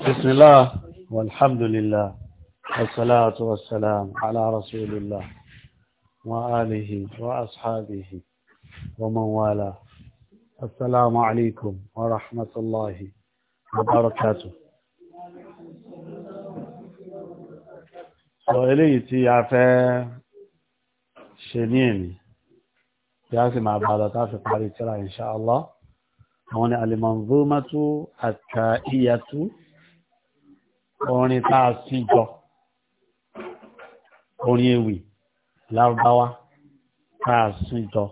بسم الله والحمد لله والصلاة والسلام على رسول الله وآله وأصحابه ومن والاه السلام عليكم ورحمة الله وبركاته eléyìí tí a fẹ́ ṣe ní èmì tí a sì máa bá lọ tá fi parí tíra orin tá a sí jọ orin ewì lárúbáwá tá a sí jọ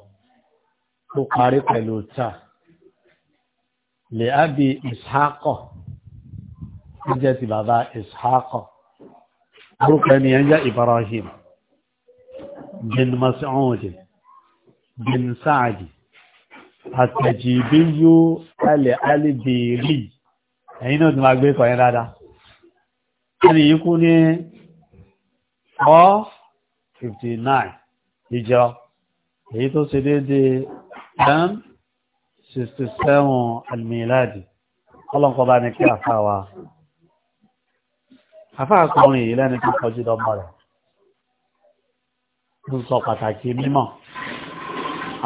tó parí pẹ̀lú ta lè ábí ìsáàkọ̀ ó jẹ́ ti bàbá ìsáàkọ̀ orúkọ ẹni yẹn jẹ́ Ibrahim bin Mas'ud bin Sa'di àtẹ̀jì bí yóò alẹ́ alẹ́ bèèrè ẹ̀yìn náà ti máa gbé kọ̀yẹ́ dáadáa ẹni yìí kú ní 459 ìjọ èyí tó ṣe dédé 1067 almiladi ọlọ́nkọba ní kí àfá wa àfá àkọrin yìí lẹ́ni tó kọjú dọ́mọ rẹ̀ ń sọ pàtàkì mímọ̀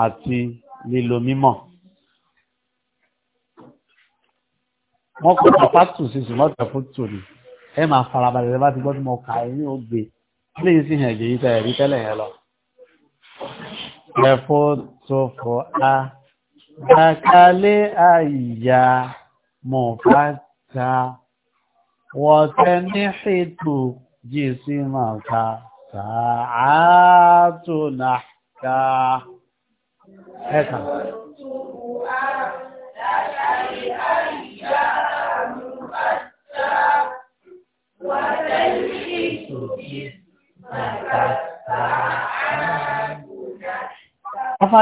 àti lílo mímọ̀ wọ́n kọ́ pàtàkì sí sí mọ́tẹ̀ fún tòní ẹ máa farabalẹ̀ lẹ́ bá ti gbọ́ tí mo kà ẹ́ ní ògbé lẹ́yìn sí hàn jẹ́ yíta ẹ̀rí tẹ́lẹ̀ yẹn lọ. ẹ̀fọ́ tó fọ́ a àkàlẹ́ àyà mọ̀ bá ta wọ́tẹ́ ní ṣètò jésì máa ta sàá tó nà ká ẹ̀ka.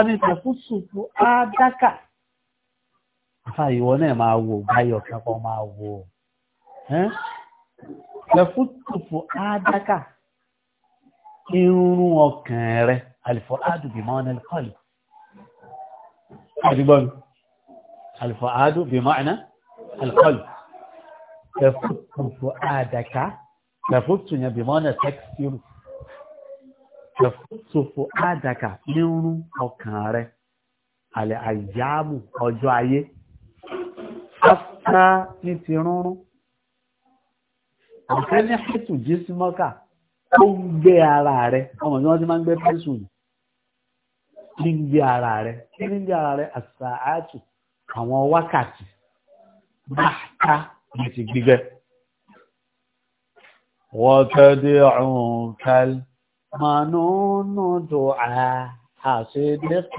ní ẹ̀fúsù fún ádákà àfà ìwọ náà máa wo báyọ̀ kẹ́kọ̀ọ́ máa wo ẹ̀fúsù fún ádákà irun ọkàn rẹ àlìfọ́ àdùbìmọ́ ọ̀nà ìkọlù àdìgbọ́n àlìfọ́ àdùbìmọ́ ọ̀nà القلب تفك فؤادك تفك بمعنى تكسر ṣòfò àdàkà nírú ọkàn rẹ àlẹ́ àyàmù ọjọ́ ayé afá ní ti rúnrún ọ̀fẹ́ ní ẹ̀tù jí sí mọ́kà ó ń gbé ara rẹ ọmọ tí wọ́n ti máa ń gbé pẹ́sùn ní ń gbé ara rẹ kí ní ń gbé ara rẹ àṣà àtù àwọn wákàtí bàtà ní ti gbígbẹ́ منون دعاء صدق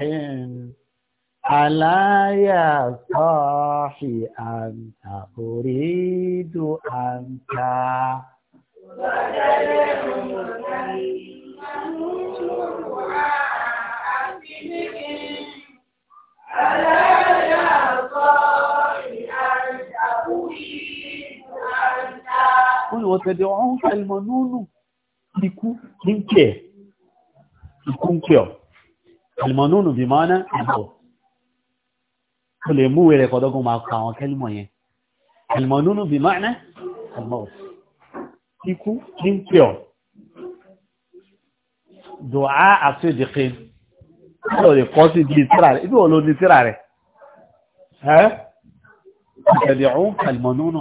ألا يا صاحي أنت أريد أنت ألا يا صاحي أنت أريد أنت قل وتدعوك المنون ikú ní ń pè ẹ̀ ikú ń pè ọ̀ àlùmọ̀nùnù bí máa ná ìbọ̀ o lè mú wẹ̀rẹ̀ kọ́dọ́gún máa pa àwọn kẹ́lìmọ̀ yẹn àlùmọ̀nùnù bí máa ná ìbọ̀ ibi tíra rẹ̀ ibi olóòdì tíra rẹ̀ ẹ́ ìtẹ̀lẹ̀ òun kàlùmọ̀nùnù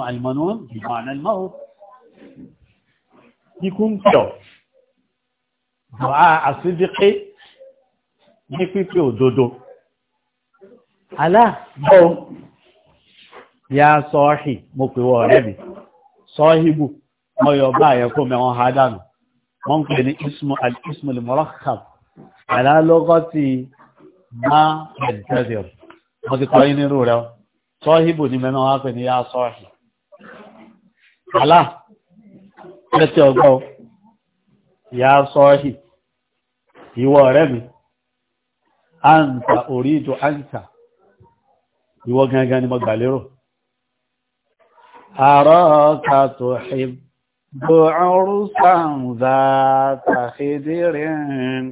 kíkúntọ̀ dùá àsídíkí ní pípé òdodo aláàbọ̀ ya sọ́ọ̀hì mo pè wọ ọ̀rẹ́ mi sọ́ọ̀hìbù ọyọ̀ bá àyẹ̀kó mẹ́wọ́n ha dànù wọ́n pè ní ismu al-ismu al-murakkab alálọ́gọ́tì má ẹ̀dẹ́dẹ̀ mo ti kọ́ yín nírú rẹ̀ sọ́ọ̀hìbù ni mẹ́wọ́n wá pè ní ya sọ́ọ̀hì aláà ẹtì ọgbọ́n ìyá sọ́ọ̀hì ìwọ ọ̀rẹ́ mi àǹtà orí ìjọ àǹtà ìwọ gangan ni mo gbà lérò àrọ́ọ̀ta tó ṣìbò ọrùsàǹzà tàṣídìrín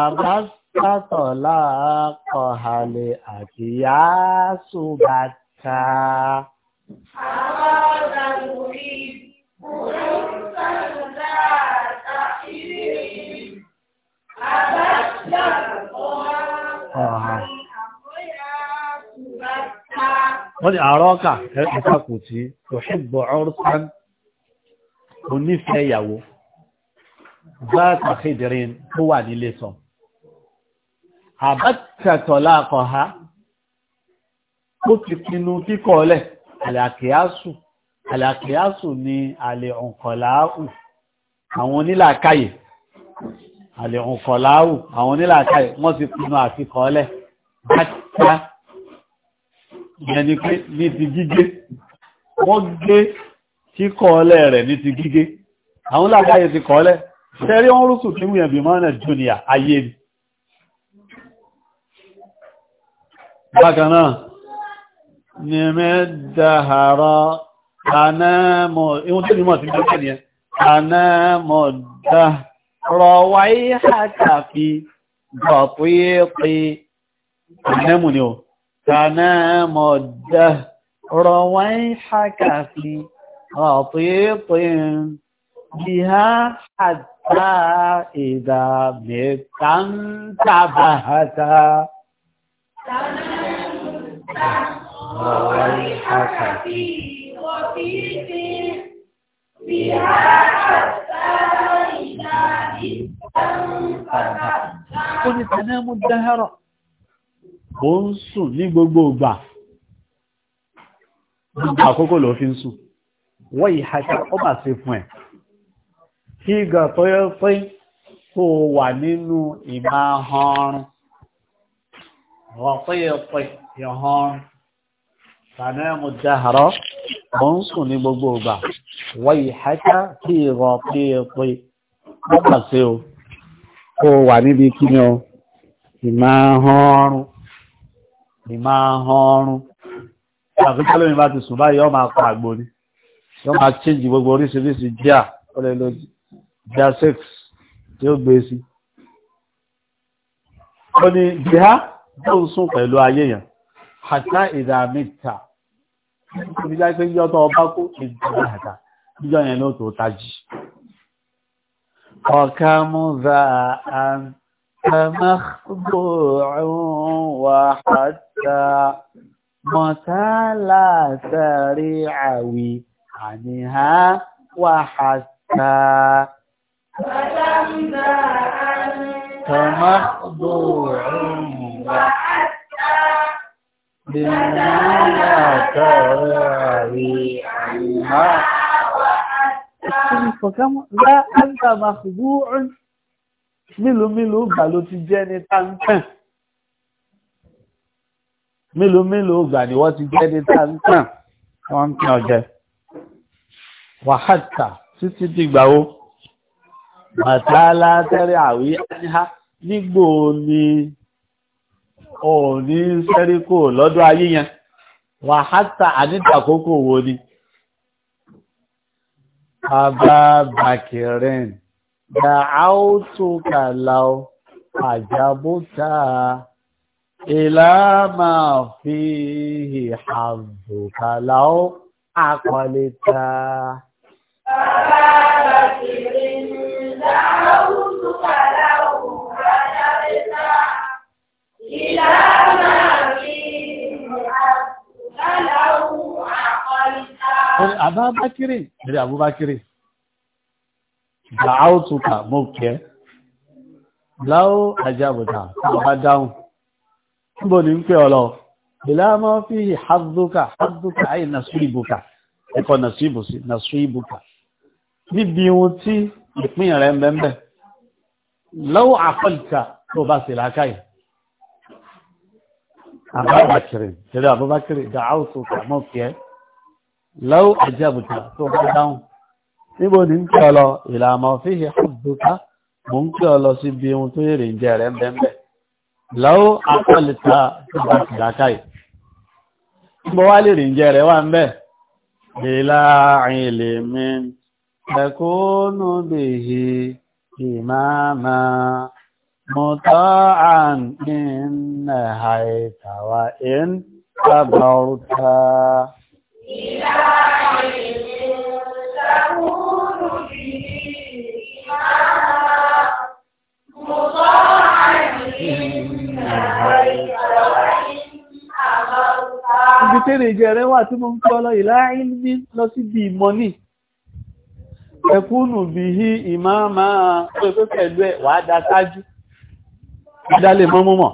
àbáṣàtọ̀lá kọ̀hálẹ̀ àti yáṣùbàtà àrọ́ọ̀ta wọ́n ni àrọ́kà ẹ̀kàkù tí òṣìgbọ̀ ọrùsán onífẹ́ ìyàwó bá tàfíìdìrín tó wà nílé sọ àbátẹ̀tọ̀ láàkọ̀ ha ó ti pinnu kíkọ́ ọlẹ̀ àlàkìyásù àlàkìyásù ni àlè ọ̀nkọ̀láàkù àwọn onílàákàyè àlè òǹkọ̀láwù àwọn onílàákàyè wọ́n ti pinnu àti kọ́lẹ̀ bàtà ìyẹn ni pé ní ti gígé wọ́n gé kíkọ́lẹ̀ rẹ̀ ní ti gígé àwọn onílàákàyè ti kọ́lẹ̀ tẹ́rí wọ́n rúsù kí wùyàn bí mọ́nà jùnìyà ayé ni bákanáà ni mẹ́dàhàrá anáàmọ̀ ìwọ̀n tó ní mọ̀ sí mẹ́kànlẹ̀ anáàmọ̀ dáhàrá رَوَيْحَكَ فِي بَطِيقِ تَنَامُ ni o تَنَامُ الدَّهْرِ رَوَيْحَكَ فِي بَطِيقٍ بِهَا حَتَّى إِذَا مِتَّ انْتَبَهَتَ تَنَامُ الدَّهْرِ رَوَيْحَكَ فِي بَطِيقٍ Ó ní tàní ẹmú dáhẹ́rọ̀. Ó ń sùn ní gbogbo ìgbà. Gbogbo àkókò ló fi ń sùn. Wọ́n yìí haka ọ bà ṣe fún ẹ̀. Kí gà tọ́yọ́ pé tó wà nínú ìmá ọrùn. Wọ́n pé ọ̀pẹ̀ ìhọrùn tànàmù dáhàrọ́ mọ́ ń sùn ní gbogbo ìgbà wáyé hátá kí ìrọ̀ pé pé mọ́kà sí o kó wà níbi kí ni o ìmá hánrún ìmá hánrún àfikún lómi bá ti sùn báyìí ọmọ akọ àgbo ni yọ máa chíjì gbogbo oríṣiríṣi díà ó lè lo díà six tí ó gbé sí ó ní díà tó ń sùn pẹ̀lú ayé yẹn hátá ìdàmítà òbí dá pé níjọ́ tó ọba kó ìjọba àdá níjọ́ yẹn ló tó tají. ọ̀ká mú za àn kàmáhùn wà hàtà mọ̀tálà sàrí àwì àníhá wà hàtà. ọ̀ká mú za àn kàmáhùn wà hàtà. Bimana tarawi anha. Ìfọ̀kámọ́lá àǹtà màkùbúrún mélòó-mélòó gbà ló ti jẹ́ ní táǹtàn. Mélòó-mélòó gbà ni wọ́n ti jẹ́ ní táǹtàn. Wọ́n ń pín ọjẹ́. Wàhátà títí ti gbà Màtálá tẹ́rẹ̀ àwí áníhá nígbò ni ò ní sẹ́ríkò lọ́dọ̀ ayé yẹn wà hátà àdídà àkókò wo ni bàbá bàkìrín dà áótò kàláò àjàbótà ìlàmà fi ìhàbò kàláò àkọlẹ́ta bàbá àbábákírì ẹ̀rẹ́ àbúbákírì gbàáwùtùkà mọ́kẹ́ láwọ́ àjábùtà ọba dáhùn níbo ni ń pè ọlọ ìlàmọ́ fi hàzúkà hàzúkà ayé nàṣíbùkà ẹ̀kọ́ nàṣíbùkà níbi ohun tí ìpín rẹ̀ mẹ́mẹ́ lọ́wọ́ àkọlìkà tó bá sì lákàyè àbábákírì ẹ̀rẹ́ àbúbákírì gbàáwùtùkà mọ́kẹ́ lọ́wọ́ àjẹ́bùtà tó bá dáhùn níbo ní ń pẹ́ ọ lọ ìlànà ọ̀fíìsì àbùkà mò ń pẹ́ ọ lọ sí ibi ohun tó yèrè ń jẹ rẹ̀ bẹ́ẹ̀ lọ́wọ́ akọ́lẹ̀ta tó bá ti dáká yìí níbo wá lè rìn jẹ rẹ̀ wà ń bẹ̀ ìlà ìlè mi ẹ̀kọ́nù bèhì ìmáàmà mọ̀tọ́ àǹtí ń nàhàìtàwà ń sábà ọ̀rùta ibi tí ìrìnjẹ rẹ wà tí mo ń kọ́ lọ ìláàrín ní lọ sí bí ìmọ̀ ní ẹkúnù bí i ìmá máa pẹ̀lú pẹ̀lú ẹ̀ wà dá sáájú ìdálé mọ́mọ́mọ́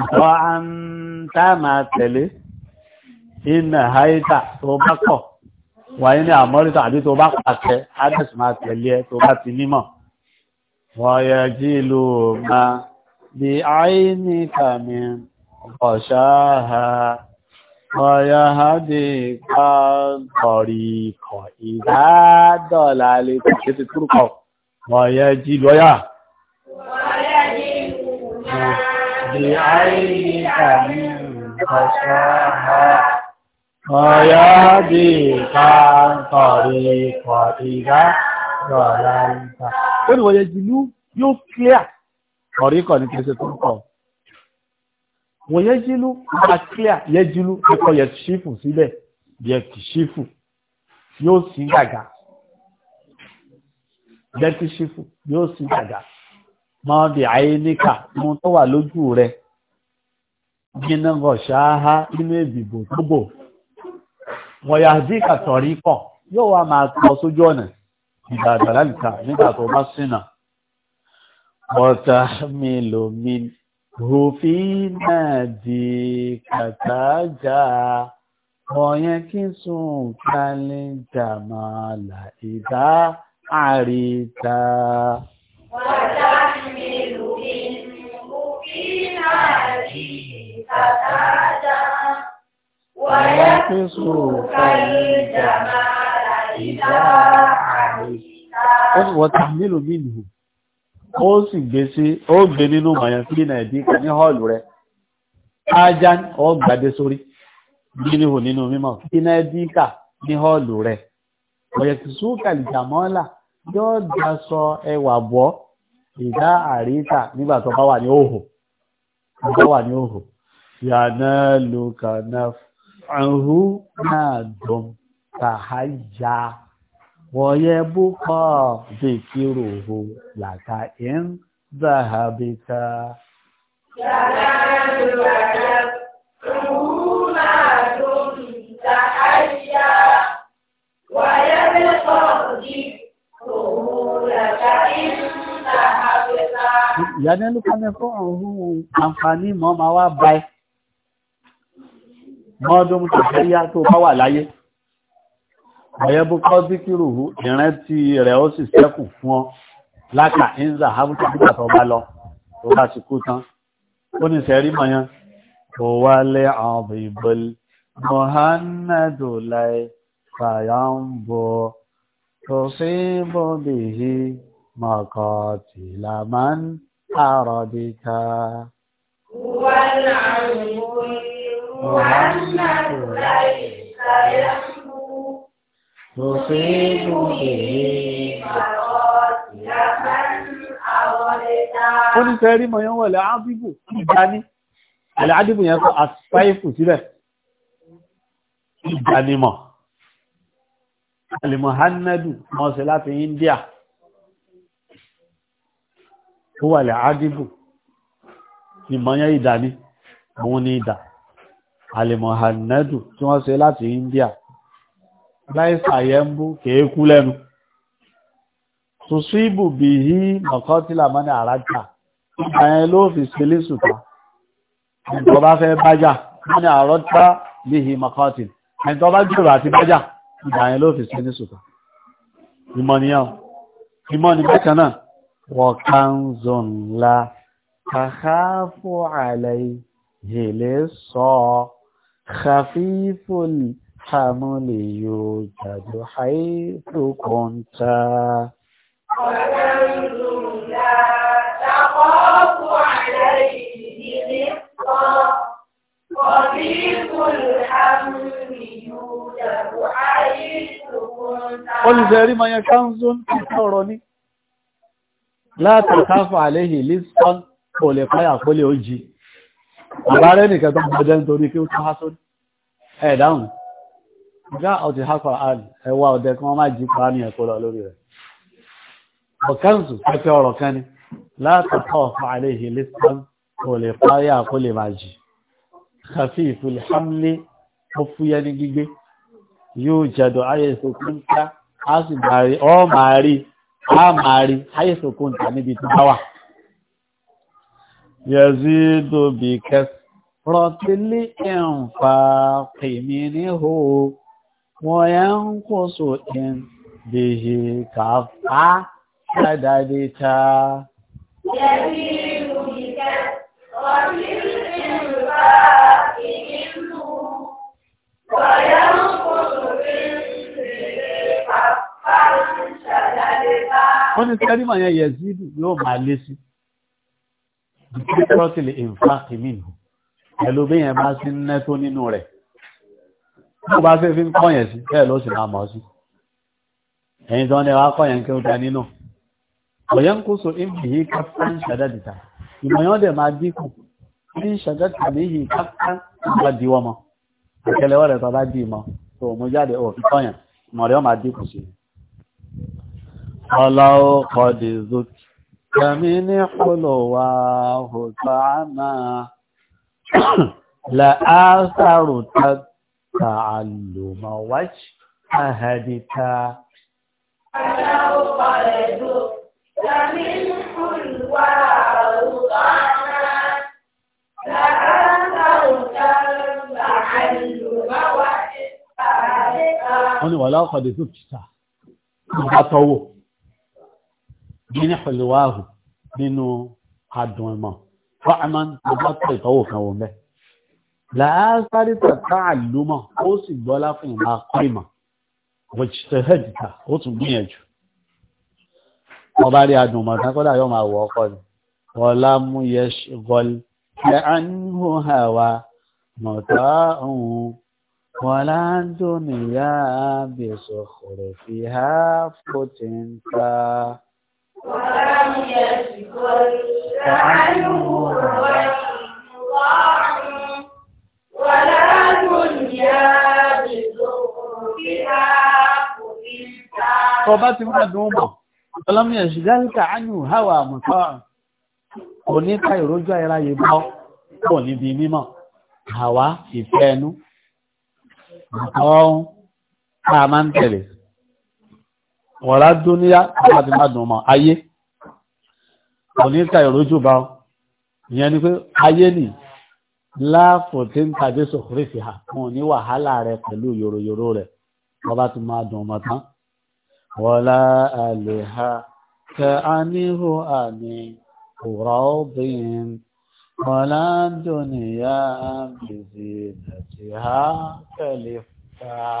ìtọ́ àǹtà máa tẹ̀lé iná haida tó bá kọ̀ wáyé ní àmọ́ríta àbí tó bá pàṣẹ adẹ́sì máa tẹ̀lé ẹ tó bá ti nímọ̀ wọ́n yẹ jí ìlú ma bí ayé ní kàmí ọ̀ṣáhà wọ́n yẹ ha dé kọ́ńtọ̀rì kọ̀ ìdádọ́là lè tẹ̀lé ti túrùkọ̀ wọ́n yẹ jí lọ́yà. wọ́n yẹ ìlú ma bí ayé ní kàmí ọ̀ṣáhà. ويهديك عن طريقتك ضللت ó ní wọ́n yẹ jìnnú yóò clear ọ̀ríkọ̀ ní kí n ṣe tó ń kọ̀ wọ́n yẹ jìnnú máa clear yẹ jìnnú ẹ̀kọ́ yẹ ṣífù sílẹ̀ yẹ ṣífù yóò sí gàgà yẹ ṣífù yóò sí gàgà máa bí àyíníkà mú tó wà lójú rẹ̀ gínágọ̀ ṣáá nínú èbìbò tó bò wọ́n yà dí kàtọ̀rí kọ̀ yóò wá máa tọ́ sójú ọ̀nà ìdàdà láìka nígbà tó bá ṣìnà ọ̀tá mi lò mí òfin náà di kàtàjà ọ̀yẹn kí sùn kálẹ̀ jàmàlà ìdá àríta. ọ̀tá mi lò mí òfin náà di kàtàjà. ويكسوك الجمال إذا علمت وتحمل منه ó sì gbé sí ó gbé nínú mọ̀yàn sí nàìjí ní hall rẹ̀ ajá ó gbàdé sórí gbíníhù nínú mímọ̀ sí nàìjíríkà ní hall rẹ̀ ọ̀yẹ̀kì súnkà ìjàmọ́là yóò dáṣọ ẹwà bọ́ ìdá àríkà nígbà tó bá wà ní òhò wà ní òhò àhú na dùn tàhájà wọ̀nyẹ búkọ́ zikiruhu làkà ń zahabita. yàrá ìlú ẹ̀jẹ̀ àhú náà dùn tàhájà wọ̀nyẹ búkọ́ zikiruhu làkà ń zahabita. ìyá nínú kan ní fún òun mọ́dún tó fẹ́yá tó bá wà láyé ọ̀yẹ́bùkọ́ díkìrùhù ìrántí rẹ̀ ó sì sẹ́kù fún ọ láka ìzà hábùtà nígbà tó bá lọ tó bá sì kú tán ó ní sẹ́rí mọ̀yán tó wá lẹ́ àwọn ìbọn mohamedu lai fàyàǹbò tó fi bọ́ bìí mọ̀kọ́ tìlámán àròdìta. wọ́n láàrin وأنه ليس يخلو نصيب به مقاتل من ó ní fẹ́ rí mọ̀yán wọ̀lẹ̀ àádìbò ìgbà ní ẹ̀lẹ̀ àádìbò yẹn kọ́ àṣìfáìfù síbẹ̀ ìgbà ní mọ̀ alìmọ̀hánàdù láti India ó wọ̀lẹ̀ àádìbò ìmọ̀yán ìdà ní òun ní ìdà alimohanadu tí wọ́n ṣe láti India láìsà yẹnbú kèékú lẹ́nu tùsíbù bí i mọ̀kọ́tílà mọ́ni àrájà ìgbàyẹn ló fi sílé sùta ẹ̀tọ́ bá fẹ́ bájà mọ́ni àrọ́tà bí i mọ̀kọ́tílà ẹ̀tọ́ bá jùlọ àti bájà ìgbàyẹn ló fi sílé sùta ìmọ̀nìyàn ìmọ̀nì خفيف الحمل يوجد حيث كنت ولنتم لا تخاف عليه رقا خفيف الحمل لا تخاف عليه لسقا قل يقيا قل يجي àbárẹ́ nìkan tó gbọ́jẹ́ nítorí kí ó tún há sórí ẹ̀ dáhùn ọgá ọ̀tí hákọ̀ ẹwà ọ̀dẹ kan máa jí pa ní ẹ̀kọ́ lọ lórí rẹ̀ ọ̀kánṣù pẹ́pẹ́ ọ̀rọ̀ kan ni látàkọ́ fàálẹ̀ ìhìlẹ̀ tán kò lè parí àkó lè máa jì kàfí ìfúlẹ̀ hamlé ó fúyẹ́ ní gbígbé yóò jẹ́dọ̀ ayẹ́sọ̀kúnta á sì máa rí ọ́ máa يزيد بكثرة الإنفاق منه وينقص إن به كفى سددتا يزيد بكثرة الإنفاق منه وينقص إن به كفى سددتا wọ́n ní sẹ́rímọ̀ yẹn yẹ̀zídù yóò máa lé sí i kẹ́kọ́rọ́tìlì ìfàkì mìíràn pẹ̀lú bí yẹn bá sí ná tó nínú rẹ̀ tó bá fẹ́ fi ń kọ́ yẹn sí bẹ́ẹ̀ ló sì máa mọ̀ sí ẹ̀yin tó ń lẹ́wọ́ akọ́ yẹn kí ó ta nínú ọ̀yẹ́ ń kó so ìmọ̀ yìí kápá ń ṣàdádìta ìmọ̀ yẹn dẹ̀ máa dínkù ní ṣàdádìta méjì kápá ìgbà diwọ́ mọ́ ìkẹlẹ́wọ́ rẹ̀ tó bá dì tó mú jáde òfin kọ́ yẹn ìmọ̀ rẹ̀ máa dínkù كمن حلواه طعما لآثرت وجه أهدتا ولو قلت فمن حلواه طعما لآثرت التعلم واجتهدت wọ́n ni wà láwọ́ kọ̀dé tó kìtà nínú ìfẹ̀lúwàhù nínú adùn ìmọ̀ fọ́ọ̀mán ọgbọ́tọ̀ ìtọ́wò kan wọ́n bẹ́ láásáré tàtà àlúmọ̀ ó sì gbọ́lá fún ìmọ̀ akọ́ ìmọ̀ wọ́chitẹ́hẹ́dìta ó tún gbìyànjú ọba rí adùn mọ̀ tán kọ́dà yóò máa wọ ọkọ ni wọ́lá mú yẹ gọ́l ẹ ànúhù hàwà mọ̀tá òun wọ́lá ń dùn níyà bẹ̀sọ̀ kọ̀rọ̀ fi há fòtìǹta. ولم يسبق عنه ولا دنيا بذنبها Ọba ti máa dùn mọ̀, ọlọ́mìnà ṣìgáríkà ányù háwà mọ̀tọ́ kò ní ká ìrójú ayẹráyè bọ́ pọ̀ níbi mímọ̀, àwa ìfẹ́ ẹnu, àtọ́ ohun, káà ń tẹ̀lé wọ̀rá dúníyá láti má dùn mọ́ ayé oníkà ìrójú bá ìyẹn ni pé ayé nì láàfò tí ń tàbí sòkúrì fi hà fún òní wàhálà rẹ pẹ̀lú yòròyòrò rẹ wọ́n bá ti máa dùn mọ́ tán wọ́lá àlèhà kẹ àníhù àní òrọ̀ obìnrin wọ́lá dúníyá bìbì nàìjíríà pẹ̀lú fà á.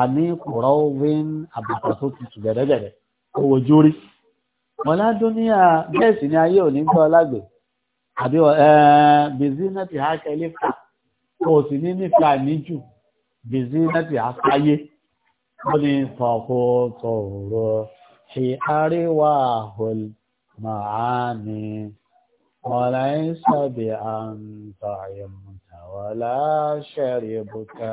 àní kọ̀rọ̀ wín àbàtà tó tutù gẹ̀dẹ́gẹ̀dẹ́ owó jórí mọ̀lá dúníà bẹ́ẹ̀ sì ni ayé ò ní gbọ́ lágbè àbí bìzínà ti ha kẹ́lé fà kò sì ní nífà níjù bìzínà ti ó ní tọ̀kọ̀ ṣe àríwá hol màáni ọ̀là ń sọ̀bì àǹtọ̀ ṣẹ̀rẹ̀ bùkà.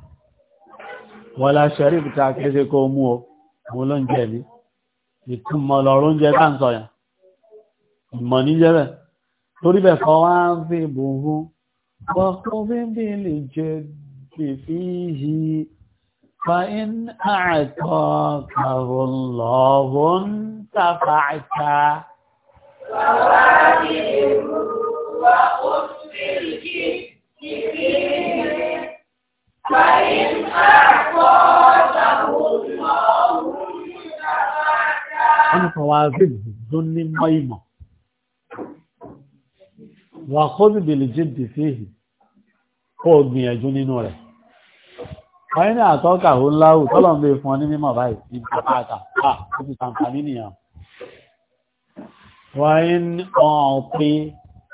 wọ́n la ṣẹ̀rí ìpìta kéṣe kó mú o mo ló ń jẹ́ ní ìtumọ̀ lọ́rọ̀ oúnjẹ káńtọ̀ yẹn ìmọ̀ níjẹ́ bẹ̀ torí bẹ̀ kọ́ wá ń fi bùhún kọ́kọ́ bí lè jẹ́ fífi yìí fa in àìkọ́ kàrùn lọ́wọ́ ń tàfà àìkà. Bàbá mi rú wa ó fi kí kí kí. فإن أعطاته اللهم فواذبه ذن ميمة وخذ بالجد فيه kó gbìyànjú nínú rẹ̀. wọ́n ní àtọ́kà ó láwù tọ́lọ̀ ń bè fún ọ ní mímọ̀ báyìí ní pàtàkà àà ó ti sàǹfàní nìyàn. wọ́n ní ọ̀pẹ́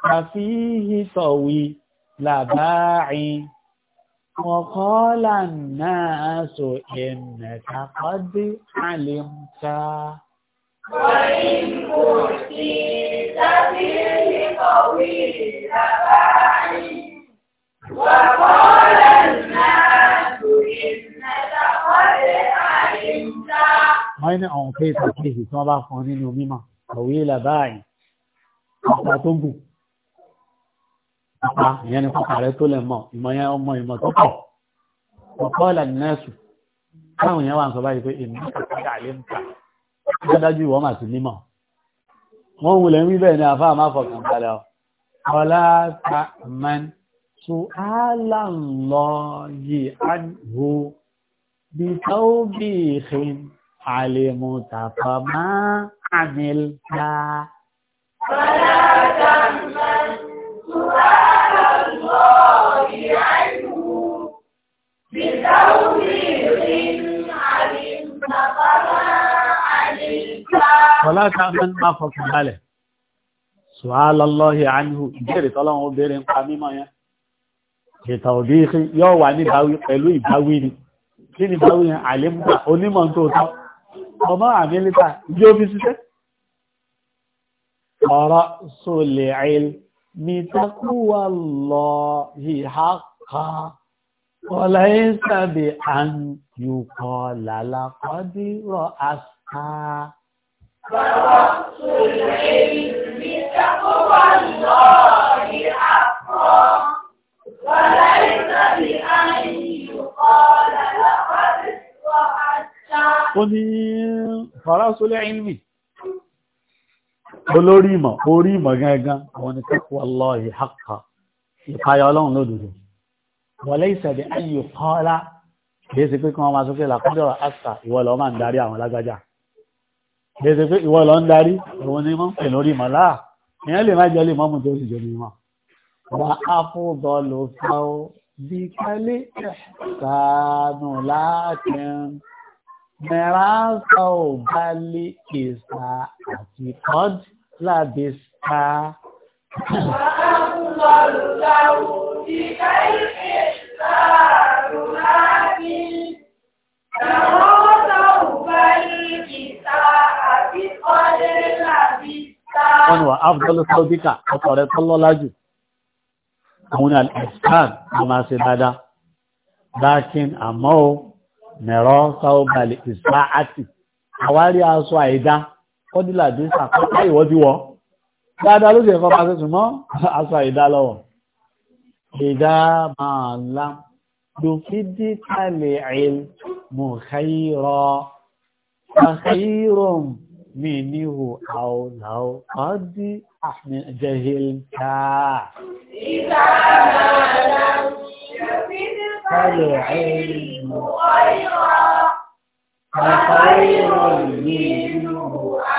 kàfíhìtọ̀wì làbáàrin وقال الناس إنك قد علمت وإن أحسيت بالقوي لفعلي وقال الناس إنك قد علمت وإن أعطيت فيه صباح ونين يوميما طويل باعي أخطأ تنبو pápá ìyẹn ni pápá rẹ tó lẹ̀ mọ̀ ìmọ̀ yẹn ọmọ ìmọ̀ tó pọ̀ ọ̀pọ̀ ìlànà nẹ́ẹ̀sù káwọn yẹn wà ń sọ báyìí pé èmi kàkàdà lè ń kà dájú ìwọ́n mà sí nímọ̀ wọ́n ń wulẹ̀ ń wí bẹ́ẹ̀ ni àfáà má fọkàn balẹ̀ ọ ọlá ta man tó áàlà ń lọ yìí àgbo bí táwọn bí ìhìn àlèmùtàfà máa àmì ta. ọlá ta man tó áàlà. Fọlá ta mẹ́rin máa fọkàn balẹ̀. Sùhálọ́lọ́hì àánihù ìbéèrè tọ́lọ́run obìnrin pa mímọ̀ yẹn. Ìtà òbí yóò wà ní pẹ̀lú ìbáwí ni. Kí ni báwí yẹn? Àlémúta onímọ̀ tó tọ́. Ọmọ àmìlítà yóò fi ṣiṣẹ́. Ọ̀rọ̀ sólè àìl mi takúwà lọ́hì hákàá. Kọ̀lá yín sàbí àyùkọ̀ làlàkọ́ dírọ̀ àṣà. Bàbá Sùlẹ̀ èyí ní ṣàkóbá lọ́ọ̀ ní àkọ́. Kọ̀lá yín sàbí àyùkọ̀ làlàkọ́ dírọ̀ àṣà. Ó ní Fàrá Sùlẹ̀ ìlmì. Olórí ìmọ̀, orí ìmọ̀ gangan, àwọn ni taqwa Allahi haqqa, ìpayà ọlọ́run lódodo wọlé ìṣẹ̀lẹ̀ ayò kọ́lá kìí ṣe pé kí wọ́n máa sọ pé làkúndọ̀rọ̀ àṣà ìwọ lọ máa ń darí àwọn lágbájá kìí ṣe pé ìwọ lọ ń darí òun ni wọ́n ń pè lórí mọ̀lá ìyẹn lè má jẹ́ lè mọ́mù tó sì jẹ́ ní wọn. wà á fún bọ́ọ̀lù fáwọ́ bí kálí sànù láti mẹ́ra sọ ò bá lé ìsà àti kọ́d lábẹ́ sáà wọ́n wà áfdọ́lù sọ́díkà ọkọ̀ rẹ̀ tọ́lọ́lá jù àwọn al'iskan a máa ṣe dada dákin àmọ́ o mẹ́rọ sáwọ́bàlì ìsáàtì àwárí aṣọ àìdá kọ́dílà dínsà kọ́kọ́ ìwọ́díwọ́ dáadáa ló sì ẹ̀kọ́ pàṣẹ ṣùgbọ́n aṣọ ìdá lọ́wọ́ ìdá máa lá lòfídí kalẹ̀ ìlmù khayra àkàyíròm mi níhò àwòláwò ọdí àmì jẹ́hìlká ìdá máa lá lòfídí kalẹ̀ ìlmù khayra àkàyíròm mi níhò àwòláwò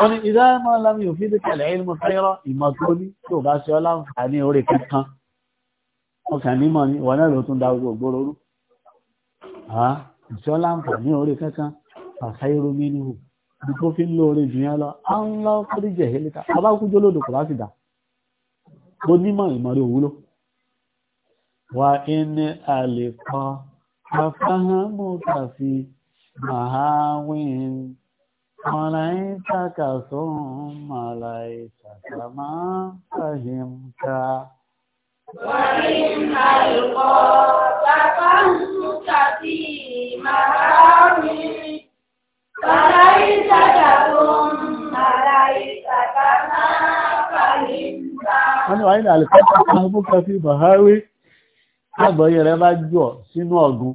wọ́n ni ìdáyàmọ́ lámí òfin ní pẹ̀lẹ̀ ilmù fẹ́rọ ìmọ̀ tó ní tí ò bá ṣe ọlá ń fà ní orí kankan ọkà mímọ̀ ni wọ́n náà ló tún da gbogbo gbòòrò rú ṣe ọlá ń fà orí kankan àṣà irú bí kò fi ń lo orí مهاوين وليس ثم ليس كما فهمت وإن القوت فهمت في مهاوين فليس ثم ليس كما فهمت أنا وإن القوت فهمت في مهاوين àgbọ̀yẹ̀ rẹ̀ bá jọ sínú ọ̀gùn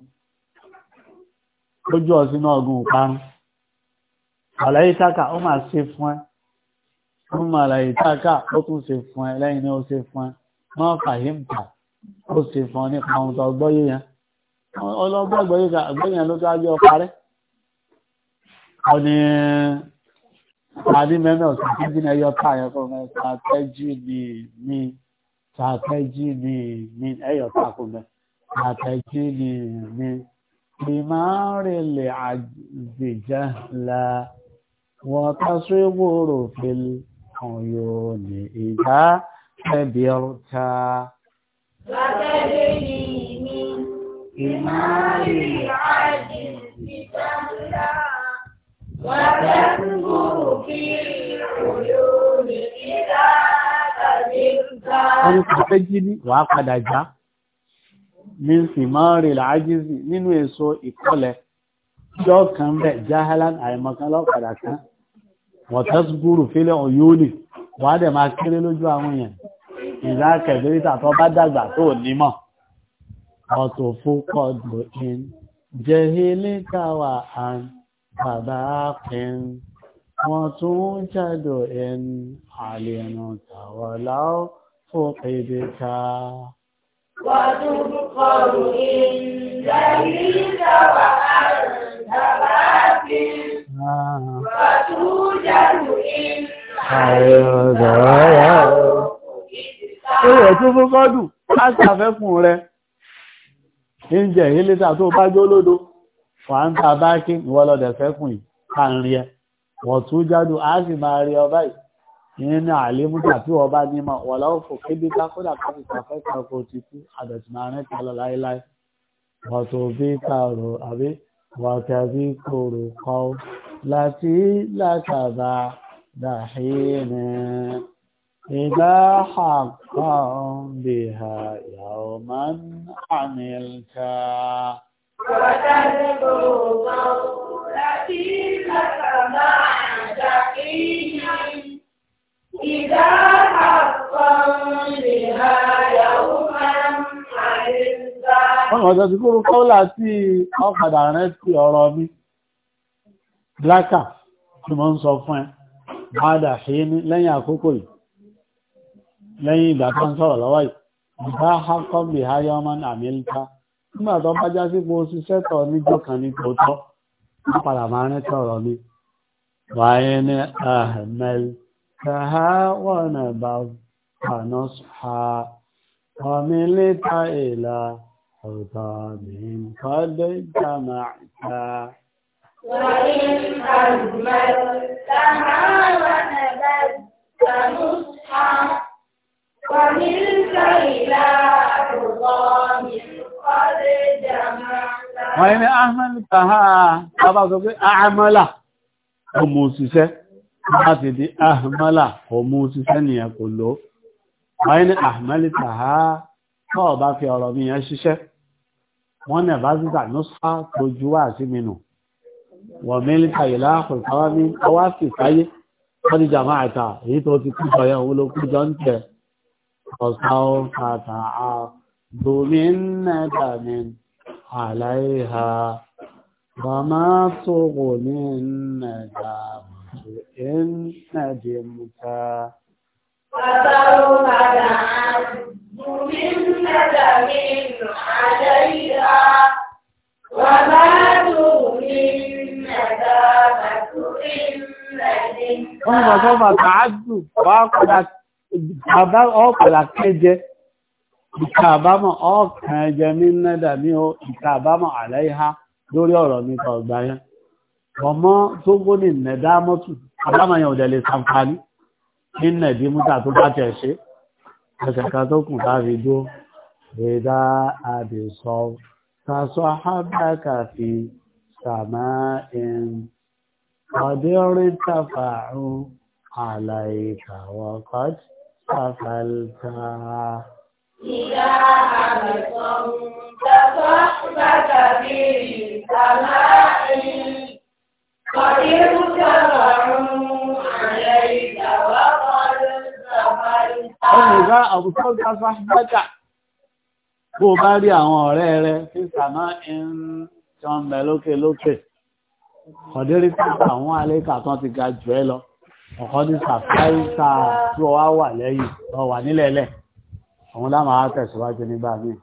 lójú ọ̀sìn náà gùn parun àlàyétàkà ó máa ṣe fún ẹ ó máa àlàyétàkà ó tún ṣe fún ẹ lẹ́yìn náà ó ṣe fún ẹ máa fàyíǹtà ó ṣe fún ọ nípa ohun tó gbọ́ yé yẹn ọlọ́gbọ́ àgbọ́yé yẹn ló tó ájọ́ parẹ́ ọ ni àdìmẹ́nà ṣàtẹ́jì ní ẹyọ táyà fún mi ṣàtẹ́jì ní mi ṣàtẹ́jì ní mi ẹyọ táà fún mi ṣàtẹ́jì ní mi. بمار العجز جهلا وتصبر في العيون إذا كبرت وتجري من بمار العجز جهلا وتصبر في العيون إذا كبرت. wọ́n ti fẹ́ jí min simari làájísì nínú èso ìkọlẹ̀ yọ kan bẹ̀ jahalan àìmọ̀kan lọ́kàdà kan wọ̀tẹ́sùgbùrù fílẹ̀ òyóòlì wà dẹ̀ máa kéré lójú àwọn èèyàn ìdá kẹ̀bírítà tó bá dàgbà tó nímọ̀ ọ̀tọ̀ fókọ̀dù in jẹ́hílítàwà àn وتذكر إن جهيد fún kọ́dù, Ìjẹ̀ ìlétà tó bá jó lódó, fàáńtà bá kí ìwọ́lọ́dẹ̀ fẹ́kùn yìí, ká ń rí ẹ. Wọ̀tún jádù, a sì máa rí ọ báyìí ìyẹn ní àlèmú tàbí ọba nímọ̀ wọ̀lá òfò kébí kákódà káfí kàfẹ́kà kò ti kú àdọ̀tìmọ̀ àárín kalọ̀ láéláé wọ̀tò bí kàrò àbí wọ̀tà bí kòrò kọ́ láti látàbà dàhínì ìgbà àkàn bí ha ìyàwó máa ń àmìlkà. wọ̀tà bí kòrò kọ́ láti látàbà dàhínì. إذا حقا بها يوما Wọ́n ọ̀dọ̀ ti kúrò kọ́lá tí ọ̀padà rẹ̀ ti ọ̀rọ̀ mi. Bláka tí mọ́ ń sọ fún ẹ, bádà ṣe ní lẹ́yìn àkókò yìí, lẹ́yìn ìgbà tó ń sọ̀rọ̀ lọ́wọ́ yìí, ìgbà hákọ́bì háyọ́mán àmìlíkà. Nígbà tó bá já sípò ṣiṣẹ́ tọ̀ níjọ́ kan ní tòótọ́, wọ́n máa rẹ̀ tọ̀rọ̀ mi. Wàá ní Ahmed كها ونبض فنصحى وملت إلى حطام قد جمعتا وإن أجمل كها ونبض فنصحى وملت إلى حطام قد جمعتا وإن أهملتها طبعا تقول أعملها ọmọ láti di ahmala ọmọ òṣìṣẹ́ nìyẹn kò lò wáyé ní ahmalita ha tọ́ ọba fi ọ̀rọ̀ mi yẹn ṣiṣẹ́ wọ́n nẹ̀ bá zíta nùsà tójú wá sí mi nù wọ́n mílíta ìlà àkùnkáwá mi ọwá sì káyé wọ́n ní jàmá àtà èyí tó ti kújọ yẹn òun ló kújọ ń tẹ̀ ọ̀sán kàtà àdùnmí nẹ́ta mi àlàyé ha bàmá tó kò ní nẹ́ta. إن ندمت فسوف تعد من ندم Wa وما تغني الندامة إن ندمت ثم سوف تعد وقد bàbá ọ̀pàdà kẹjẹ ìka àbámọ̀ ọ̀kàn ẹjẹ mi nẹ́dà ní o àlẹ́ ìhá lórí ọ̀rọ̀ mi kọ̀ọ̀gbà yẹn ọmọ tó gbó ní nẹ̀dámọ́tù alámọ̀yàn òdẹ̀lẹ̀ sàǹfààní ní nẹ̀dímútà tó bá tẹ̀ ṣe ẹsẹ̀ kan tó kù láti dó ìdá àdìsọ tàṣọ hábàkà fi sàmà in ọdẹ́rin tàfààrùn àlàyékà wọ́kọ́t tàfàlta ìyá àdìsọ tàṣọ hábàkà fi sàmà in Ọ̀rùn bá àbùkọ́ gáfà bájà bó bá rí àwọn ọ̀rẹ́ rẹ tí sàmá ń tán mẹ lókè lókè. Ọ̀dẹ́rí pàtà àwọn alẹ́kà tán ti ga jù ẹ lọ. Ọ̀kọ́ ní sàfáìsà tó wá wà lẹ́yìn lọ wà nílẹ̀lẹ̀. Àwọn lámà á tẹ̀síwájú nígbà míì.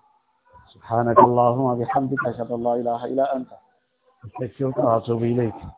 Subhanakallahumma